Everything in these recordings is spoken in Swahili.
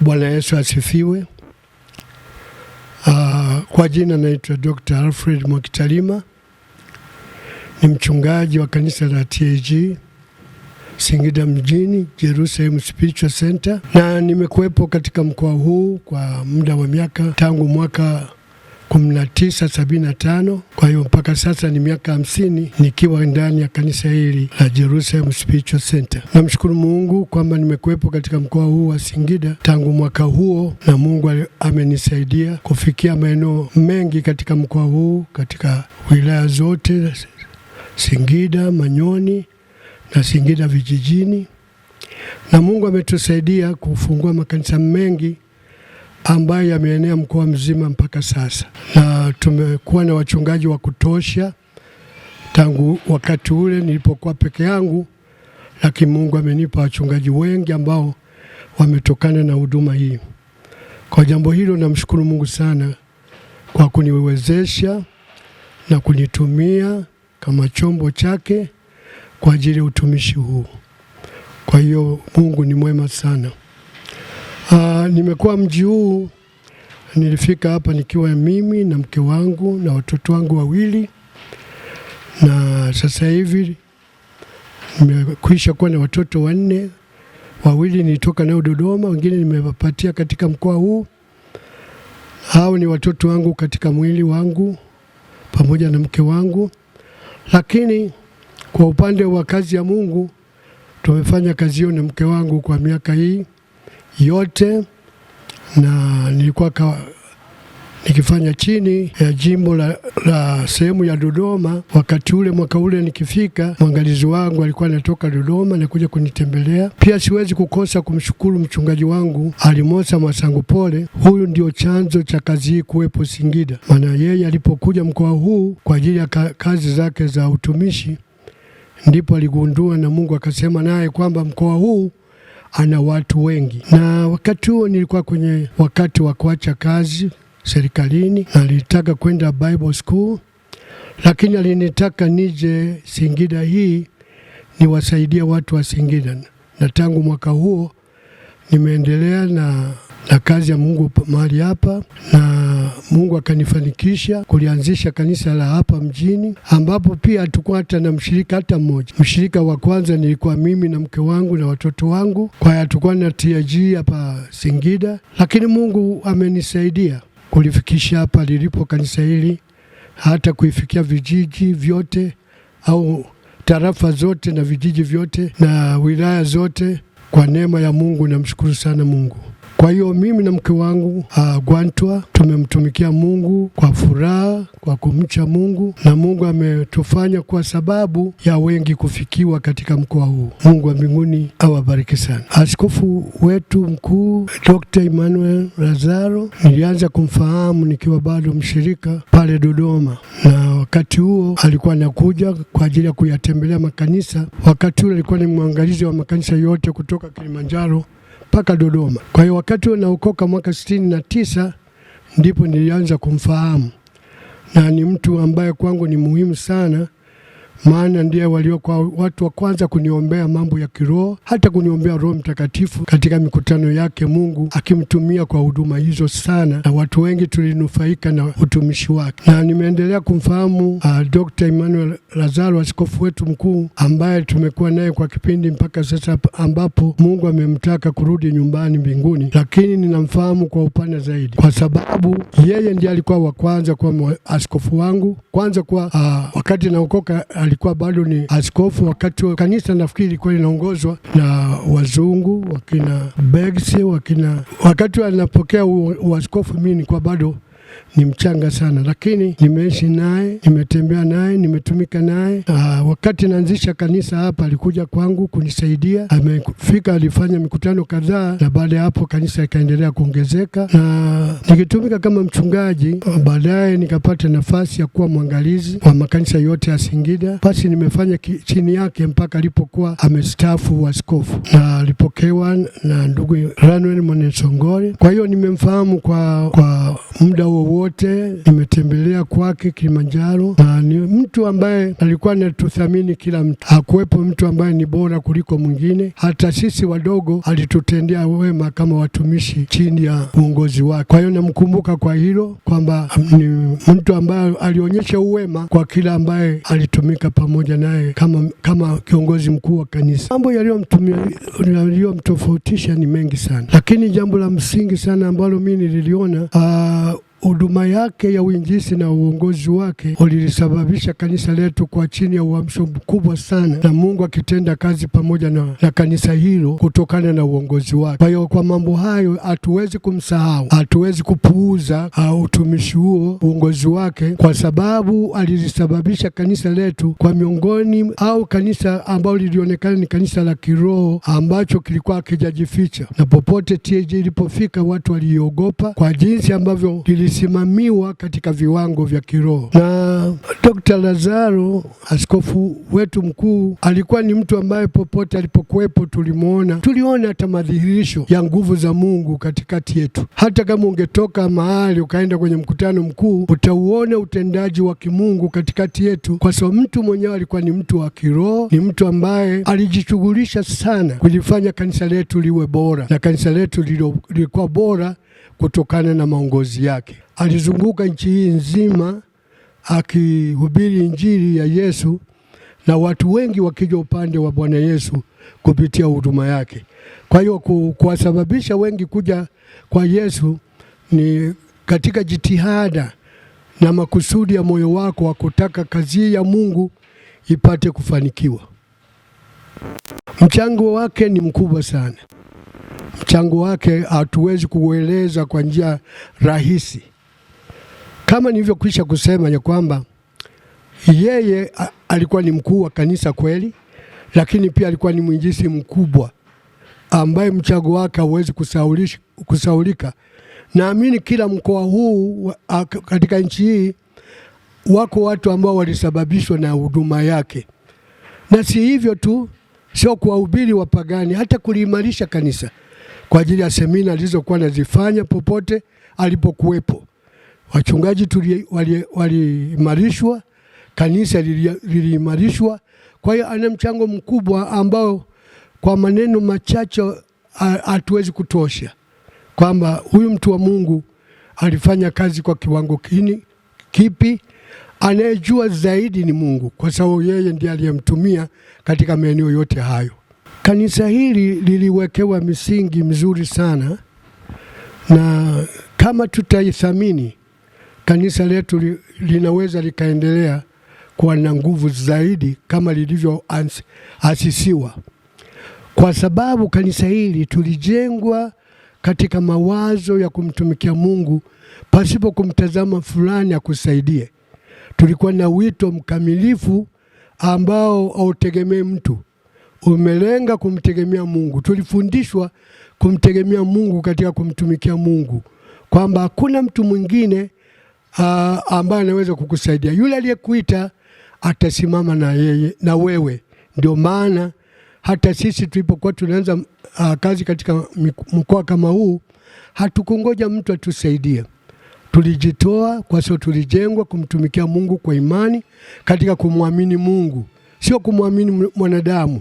Bwana Yesu asifiwe. Uh, kwa jina naitwa Dr. Alfred Mwakitalima, ni mchungaji wa kanisa la TAG Singida mjini Jerusalem Spiritual Center, na nimekuwepo katika mkoa huu kwa muda wa miaka tangu mwaka 1975. Kwa hiyo mpaka sasa ni miaka hamsini nikiwa ndani ya kanisa hili la Jerusalem Spiritual Center. Namshukuru Mungu kwamba nimekuwepo katika mkoa huu wa Singida tangu mwaka huo, na Mungu amenisaidia kufikia maeneo mengi katika mkoa huu, katika wilaya zote Singida, Manyoni na Singida vijijini, na Mungu ametusaidia kufungua makanisa mengi ambayo yameenea mkoa mzima mpaka sasa, na tumekuwa na wachungaji wa kutosha tangu wakati ule nilipokuwa peke yangu, lakini Mungu amenipa wachungaji wengi ambao wametokana na huduma hii. Kwa jambo hilo namshukuru Mungu sana kwa kuniwezesha na kunitumia kama chombo chake kwa ajili ya utumishi huu. Kwa hiyo Mungu ni mwema sana. Ah, nimekuwa mji huu, nilifika hapa nikiwa mimi na mke wangu na watoto wangu wawili, na sasa hivi nimekwisha kuwa na watoto wanne, wawili nilitoka nao Dodoma, wengine nimewapatia katika mkoa huu. Hao ni watoto wangu katika mwili wangu pamoja na mke wangu, lakini kwa upande wa kazi ya Mungu tumefanya kazi hiyo na mke wangu kwa miaka hii yote, na nilikuwa ka, nikifanya chini ya jimbo la, la sehemu ya Dodoma. Wakati ule mwaka ule nikifika, mwangalizi wangu alikuwa anatoka Dodoma na kuja kunitembelea. Pia siwezi kukosa kumshukuru mchungaji wangu Alimosa Masangu Pole. Huyu ndio chanzo cha kazi hii kuwepo Singida, maana yeye alipokuja mkoa huu kwa ajili ya kazi zake za utumishi ndipo aligundua na Mungu akasema naye kwamba mkoa huu ana watu wengi, na wakati huo nilikuwa kwenye wakati wa kuacha kazi serikalini, nalitaka kwenda Bible school, lakini alinitaka nije Singida hii niwasaidie watu wa Singida, na tangu mwaka huo nimeendelea na, na kazi ya Mungu mahali hapa na Mungu akanifanikisha kulianzisha kanisa la hapa mjini, ambapo pia hatukuwa hata na mshirika hata mmoja. Mshirika wa kwanza nilikuwa mimi na mke wangu na watoto wangu, kwa hiyo hatukuwa na TAG hapa Singida, lakini Mungu amenisaidia kulifikisha hapa lilipo kanisa hili, hata kuifikia vijiji vyote au tarafa zote na vijiji vyote na wilaya zote, kwa neema ya Mungu. Namshukuru sana Mungu. Kwa hiyo mimi na mke wangu uh, Gwantwa tumemtumikia Mungu kwa furaha, kwa kumcha Mungu, na Mungu ametufanya kwa sababu ya wengi kufikiwa katika mkoa huu. Mungu wa mbinguni awabariki sana. Askofu wetu mkuu Dr. Emmanuel Lazaro nilianza kumfahamu nikiwa bado mshirika pale Dodoma, na wakati huo alikuwa anakuja kwa ajili ya kuyatembelea makanisa. Wakati huo alikuwa ni mwangalizi wa makanisa yote kutoka Kilimanjaro mpaka Dodoma. Kwa hiyo wakati naokoka mwaka sitini na tisa ndipo nilianza kumfahamu na ni mtu ambaye kwangu ni muhimu sana maana ndiye waliokuwa watu wa kwanza kuniombea mambo ya kiroho, hata kuniombea Roho Mtakatifu katika mikutano yake, Mungu akimtumia kwa huduma hizo sana, na watu wengi tulinufaika na utumishi wake. Na nimeendelea kumfahamu uh, ah, Dr. Emmanuel Lazaro, askofu wetu mkuu, ambaye tumekuwa naye kwa kipindi mpaka sasa, ambapo Mungu amemtaka kurudi nyumbani mbinguni, lakini ninamfahamu kwa upana zaidi, kwa sababu yeye ndiye alikuwa wa kwanza kuwa askofu wangu, kwanza kuwa uh, wakati naokoka uh, alikuwa bado ni askofu wakati wa kanisa, nafikiri ilikuwa linaongozwa na wazungu wakina Begsi, wakina wakati anapokea uaskofu, mimi nilikuwa bado ni mchanga sana, lakini nimeishi naye, nimetembea naye, nimetumika naye. Ah, wakati naanzisha kanisa hapa alikuja kwangu kunisaidia, amefika, alifanya mikutano kadhaa, na baada ya hapo kanisa ikaendelea kuongezeka, na ah, nikitumika kama mchungaji. Baadaye nikapata nafasi ya kuwa mwangalizi wa makanisa yote ya Singida, basi nimefanya chini yake mpaka alipokuwa amestaafu askofu, na alipokewa na ndugu Ranwen Mwanesongore. Kwa hiyo nimemfahamu kwa, kwa muda huo wote, nimetembelea kwake Kilimanjaro, na ni mtu ambaye alikuwa anatuthamini kila mtu, hakuwepo mtu ambaye ni bora kuliko mwingine. Hata sisi wadogo alitutendea wema kama watumishi chini ya uongozi wake. Kwa hiyo namkumbuka kwa hilo kwamba ni mtu ambaye alionyesha uwema kwa kila ambaye alitumika pamoja naye kama, kama kiongozi mkuu wa kanisa. Mambo yaliyomtofautisha ni mengi sana, lakini jambo la msingi sana ambalo mimi nililiona ah, huduma yake ya uinjisi na uongozi wake ulilisababisha kanisa letu kwa chini ya uamsho mkubwa sana, na Mungu akitenda kazi pamoja na, na kanisa hilo kutokana na uongozi wake. Kwa hiyo kwa mambo hayo hatuwezi kumsahau, hatuwezi kupuuza ah, utumishi huo, uongozi wake, kwa sababu alilisababisha kanisa letu kwa miongoni au kanisa ambalo lilionekana ni kanisa la kiroho ambacho kilikuwa akijajificha na popote TAG ilipofika watu waliogopa kwa jinsi ambavyo lili ukisimamiwa katika viwango vya kiroho. Na Dr. Lazaro, askofu wetu mkuu, alikuwa ni mtu ambaye popote alipokuwepo tulimwona, tuliona hata madhihirisho ya nguvu za Mungu katikati yetu. Hata kama ungetoka mahali ukaenda kwenye mkutano mkuu, utauona utendaji wa kimungu katikati yetu, kwa sababu mtu mwenyewe alikuwa ni mtu wa kiroho, ni mtu ambaye alijishughulisha sana kulifanya kanisa letu liwe bora, na kanisa letu lilikuwa bora kutokana na maongozi yake. Alizunguka nchi hii nzima akihubiri injili ya Yesu na watu wengi wakija upande wa Bwana Yesu kupitia huduma yake. Kwa hiyo kuwasababisha wengi kuja kwa Yesu ni katika jitihada na makusudi ya moyo wako wa kutaka kazi ya Mungu ipate kufanikiwa. Mchango wake ni mkubwa sana mchango wake hatuwezi kuueleza kwa njia rahisi, kama nilivyokwisha kusema ya kwamba yeye alikuwa ni mkuu wa kanisa kweli, lakini pia alikuwa ni mwinjisi mkubwa ambaye mchango wake hauwezi kusaulika. Naamini kila mkoa huu katika nchi hii wako watu ambao walisababishwa na huduma yake, na si hivyo tu, sio kuwahubiri wapagani, hata kuliimarisha kanisa kwa ajili ya semina alizokuwa nazifanya popote alipokuwepo. Wachungaji wali kanisa liliimarishwa. Kwa hiyo ana mchango mkubwa ambao kwa maneno machache hatuwezi kutosha kwamba huyu mtu wa Mungu alifanya kazi kwa kiwango kini, kipi. Anayejua zaidi ni Mungu, kwa sababu yeye ndiye aliyemtumia katika maeneo yote hayo. Kanisa hili liliwekewa misingi mizuri sana, na kama tutaithamini kanisa letu li, linaweza likaendelea kuwa na nguvu zaidi kama lilivyoasisiwa, kwa sababu kanisa hili tulijengwa katika mawazo ya kumtumikia Mungu pasipo kumtazama fulani akusaidie. Tulikuwa na wito mkamilifu ambao hautegemei mtu umelenga kumtegemea Mungu. Tulifundishwa kumtegemea Mungu katika kumtumikia Mungu, kwamba hakuna mtu mwingine uh, ambaye anaweza kukusaidia. Yule aliyekuita atasimama na yeye na wewe. Ndio maana hata sisi tulipokuwa tunaanza uh, kazi katika mkoa kama huu, hatukungoja mtu atusaidie. Tulijitoa kwa sababu tulijengwa kumtumikia Mungu kwa imani katika kumwamini Mungu, sio kumwamini mwanadamu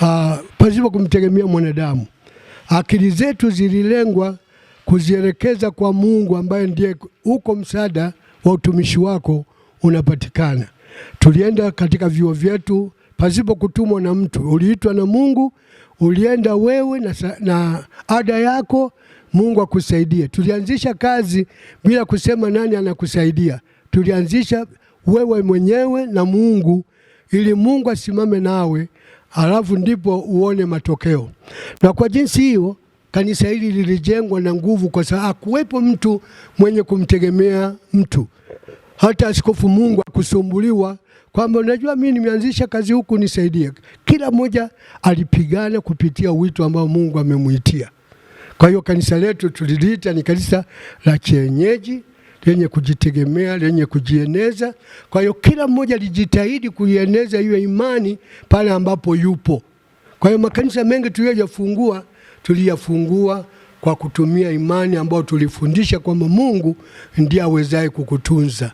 uh, pasipo kumtegemea mwanadamu. Akili zetu zililengwa kuzielekeza kwa Mungu ambaye ndiye huko msaada wa utumishi wako unapatikana. Tulienda katika vyuo vyetu pasipo kutumwa na mtu, uliitwa na Mungu, ulienda wewe na, na ada yako, Mungu akusaidie. Tulianzisha kazi bila kusema nani anakusaidia, tulianzisha wewe mwenyewe na Mungu, ili Mungu asimame nawe halafu ndipo uone matokeo. Na kwa jinsi hiyo kanisa hili lilijengwa na nguvu, kwa sababu hakuwepo mtu mwenye kumtegemea mtu. Hata Askofu Mungu akusumbuliwa kwamba unajua, mimi nimeanzisha kazi huku, nisaidie. Kila mmoja alipigana kupitia wito ambao Mungu amemuitia. Kwa hiyo kanisa letu tuliliita ni kanisa la kienyeji lenye kujitegemea, lenye kujieneza. Kwa hiyo kila mmoja alijitahidi kuieneza hiyo imani pale ambapo yupo. Kwa hiyo makanisa mengi tuliyoyafungua tuliyafungua kwa kutumia imani ambayo tulifundisha kwamba Mungu ndiye awezaye kukutunza.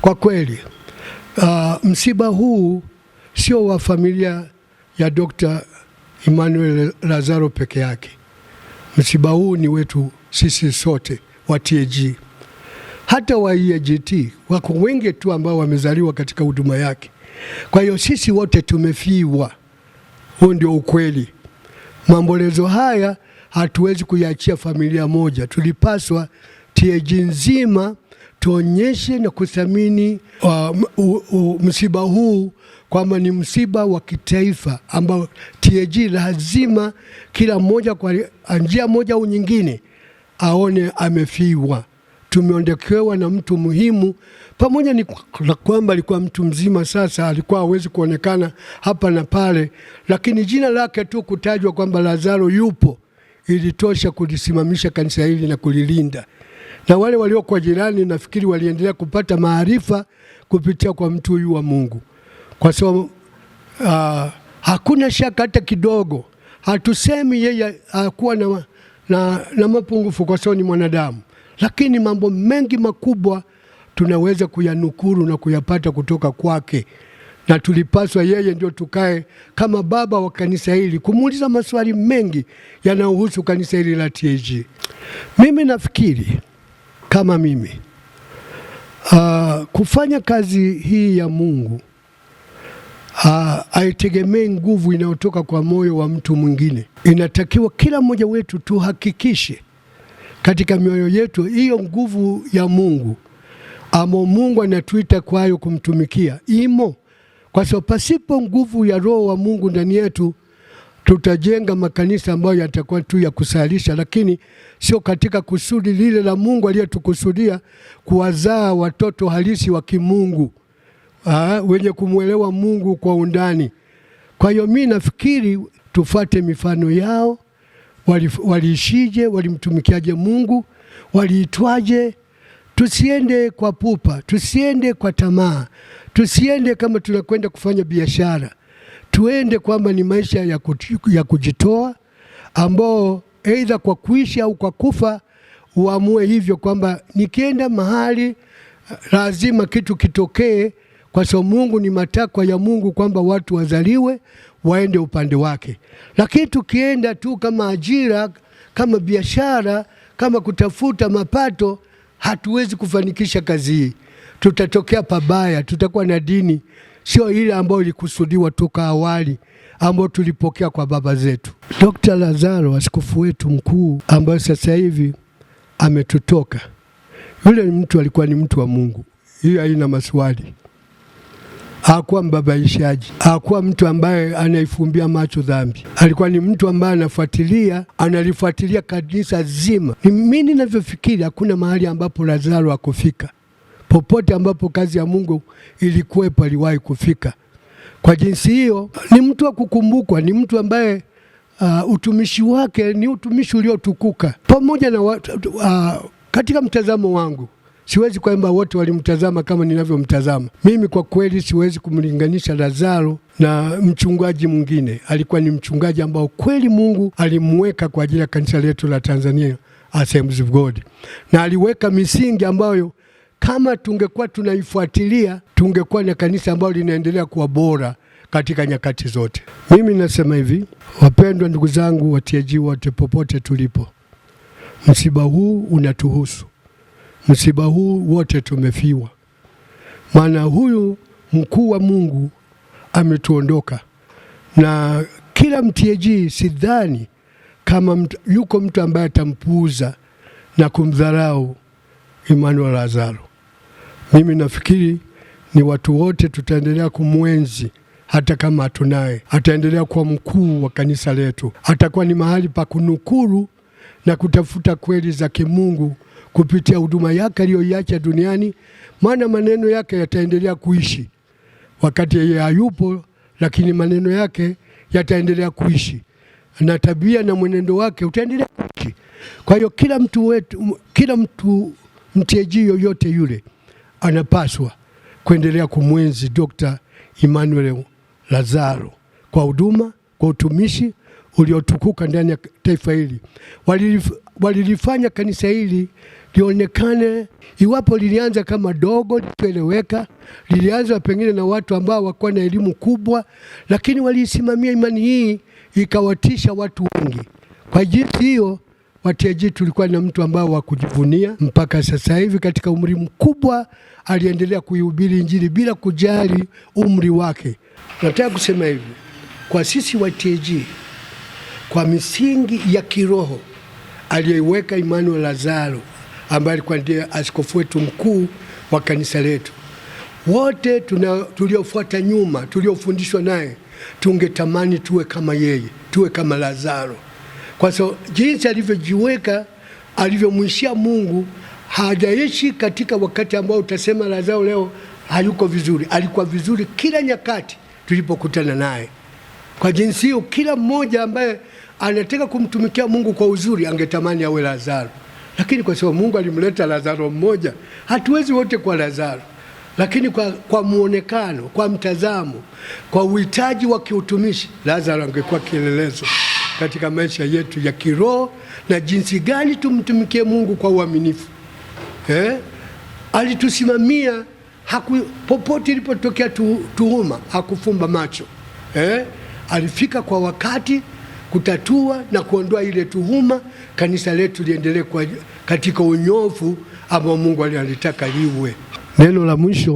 Kwa kweli uh, msiba huu sio wa familia ya Dr. Emmanuel Lazaro peke yake. Msiba huu ni wetu sisi sote wa TAG, hata wa IAGT e wako wengi tu ambao wamezaliwa katika huduma yake. Kwa hiyo sisi wote tumefiwa, huo ndio ukweli. Maombolezo haya hatuwezi kuiachia familia moja, tulipaswa TAG nzima tuonyeshe na kuthamini uh, msiba huu kwamba ni msiba wa kitaifa ambao TAG lazima kila mmoja kwa njia moja au nyingine aone amefiwa. Tumeondokewa na mtu muhimu, pamoja ni kwamba alikuwa mtu mzima, sasa alikuwa hawezi kuonekana hapa na pale, lakini jina lake tu kutajwa kwamba Lazaro yupo ilitosha kulisimamisha kanisa hili na kulilinda na wale waliokuwa jirani, nafikiri waliendelea kupata maarifa kupitia kwa mtu huyu wa Mungu, kwa sababu uh, hakuna shaka hata kidogo. Hatusemi yeye hakuwa na, na, na mapungufu kwa sababu ni mwanadamu, lakini mambo mengi makubwa tunaweza kuyanukuru na kuyapata kutoka kwake, na tulipaswa yeye ndio tukae kama baba wa kanisa hili kumuuliza maswali mengi yanayohusu kanisa hili la TAG. Mimi nafikiri kama mimi uh, kufanya kazi hii ya Mungu uh, haitegemei nguvu inayotoka kwa moyo wa mtu mwingine. Inatakiwa kila mmoja wetu tuhakikishe katika mioyo yetu hiyo nguvu ya Mungu amo Mungu anatuita kwayo kumtumikia imo, kwa sababu pasipo nguvu ya Roho wa Mungu ndani yetu tutajenga makanisa ambayo yatakuwa tu ya kusalisha, lakini sio katika kusudi lile la Mungu aliyetukusudia kuwazaa watoto halisi wa kimungu aa, ah, wenye kumwelewa Mungu kwa undani. Kwa hiyo mi nafikiri tufate mifano yao, waliishije, walimtumikiaje Mungu, waliitwaje? Tusiende kwa pupa, tusiende kwa tamaa, tusiende kama tunakwenda kufanya biashara tuende kwamba ni maisha ya, kutiku, ya kujitoa ambao aidha kwa kuishi au kwa kufa uamue hivyo kwamba nikienda mahali lazima kitu kitokee, kwa sababu Mungu ni matakwa ya Mungu kwamba watu wazaliwe waende upande wake. Lakini tukienda tu kama ajira, kama biashara, kama kutafuta mapato, hatuwezi kufanikisha kazi hii, tutatokea pabaya, tutakuwa na dini sio ile ambayo ilikusudiwa toka awali ambayo tulipokea kwa baba zetu. Dr. Lazaro, askofu wetu mkuu ambaye sasa hivi ametutoka, yule mtu alikuwa ni mtu wa Mungu, hiyo haina maswali. Hakuwa mbabaishaji, hakuwa mtu ambaye anaifumbia macho dhambi. Alikuwa ni mtu ambaye anafuatilia, analifuatilia kanisa zima. Mimi ninavyofikiri, hakuna mahali ambapo Lazaro akufika popote ambapo kazi ya Mungu ilikuwepo aliwahi kufika. Kwa jinsi hiyo ni mtu wa kukumbukwa, ni mtu ambaye uh, utumishi wake ni utumishi uliotukuka pamoja na watu, uh, katika mtazamo wangu siwezi kwamba wote walimtazama kama ninavyomtazama mimi. Kwa kweli siwezi kumlinganisha Lazaro na mchungaji mwingine. Alikuwa ni mchungaji ambao kweli Mungu alimweka kwa ajili ya kanisa letu la Tanzania Assemblies of God, na aliweka misingi ambayo kama tungekuwa tunaifuatilia, tungekuwa na kanisa ambalo linaendelea kuwa bora katika nyakati zote. Mimi nasema hivi, wapendwa ndugu zangu, watiaji wote, popote tulipo, msiba huu unatuhusu, msiba huu wote tumefiwa, maana huyu mkuu wa Mungu ametuondoka, na kila mtiaji, sidhani kama mtu, yuko mtu ambaye atampuuza na kumdharau Emmanuel Lazaro. Mimi nafikiri ni watu wote tutaendelea kumwenzi hata kama hatunaye, ataendelea kuwa mkuu wa kanisa letu. Atakuwa ni mahali pa kunukuru na kutafuta kweli za kimungu kupitia huduma yake aliyoiacha duniani, maana maneno yake yataendelea kuishi wakati yeye hayupo, lakini maneno yake yataendelea kuishi na tabia na mwenendo wake utaendelea kuishi. Kwa hiyo kila mtu wetu, kila mtu mteji yoyote yule anapaswa kuendelea kumwenzi Dr. Emmanuel Lazaro kwa huduma, kwa utumishi uliotukuka ndani ya taifa hili. Walilif, walilifanya kanisa hili lionekane, iwapo lilianza kama dogo lisieleweka, lilianza pengine na watu ambao wakuwa na elimu kubwa, lakini waliisimamia imani hii ikawatisha watu wengi. Kwa jinsi hiyo wa TAG tulikuwa na mtu ambao wa kujivunia. Mpaka sasa hivi katika umri mkubwa aliendelea kuihubiri Injili bila kujali umri wake. Nataka kusema hivi kwa sisi wa TAG, kwa misingi ya kiroho aliyeiweka Emmanuel Lazaro ambaye alikuwa ndiye askofu wetu mkuu wa kanisa letu, wote tuliofuata nyuma, tuliofundishwa naye, tungetamani tuwe kama yeye, tuwe kama Lazaro kwa sababu jinsi alivyojiweka, alivyomwishia Mungu, hajaishi katika wakati ambao utasema Lazaro leo hayuko vizuri. Alikuwa vizuri kila nyakati tulipokutana naye. Kwa jinsi hiyo, kila mmoja ambaye anataka kumtumikia Mungu kwa uzuri angetamani awe Lazaro, lakini kwa sababu Mungu alimleta Lazaro mmoja, hatuwezi wote kwa Lazaro lakini kwa, kwa muonekano, kwa mtazamo, kwa uhitaji wa kiutumishi Lazaro angekuwa kielelezo katika maisha yetu ya kiroho na jinsi gani tumtumikie Mungu kwa uaminifu eh? Alitusimamia haku, popote ilipotokea tu, tuhuma hakufumba macho eh? Alifika kwa wakati kutatua na kuondoa ile tuhuma, kanisa letu liendelee katika unyofu ambao Mungu alitaka liwe. Neno la mwisho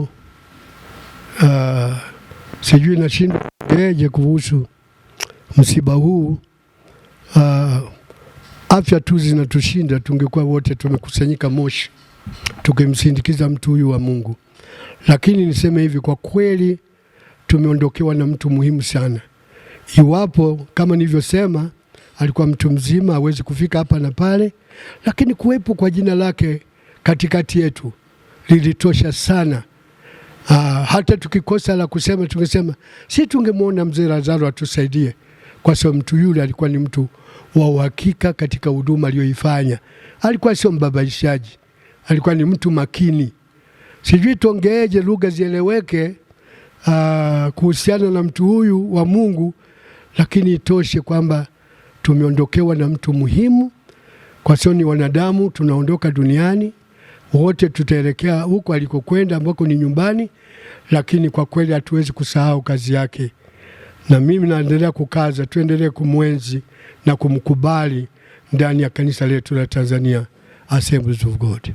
uh, sijui nashindwa eje kuhusu msiba huu uh, afya tu zinatushinda. Tungekuwa wote tumekusanyika Moshi tukimsindikiza mtu huyu wa Mungu, lakini niseme hivi kwa kweli, tumeondokewa na mtu muhimu sana. Iwapo kama nilivyosema, alikuwa mtu mzima, hawezi kufika hapa na pale, lakini kuwepo kwa jina lake katikati yetu lilitosha sana. Aa, uh, hata tukikosa la kusema tungesema si tungemwona mzee Lazaro atusaidie kwa sababu mtu yule alikuwa ni mtu wa uhakika katika huduma aliyoifanya. Alikuwa sio mbabaishaji, alikuwa ni mtu makini. Sijui tongeeje lugha zieleweke ah, kuhusiana na mtu huyu wa Mungu, lakini itoshe kwamba tumeondokewa na mtu muhimu, kwa sababu ni wanadamu, tunaondoka duniani wote tutaelekea huko alikokwenda ambako ni nyumbani, lakini kwa kweli hatuwezi kusahau kazi yake na mimi naendelea kukaza, tuendelee kumwenzi na kumkubali ndani ya kanisa letu la Tanzania Assemblies of God.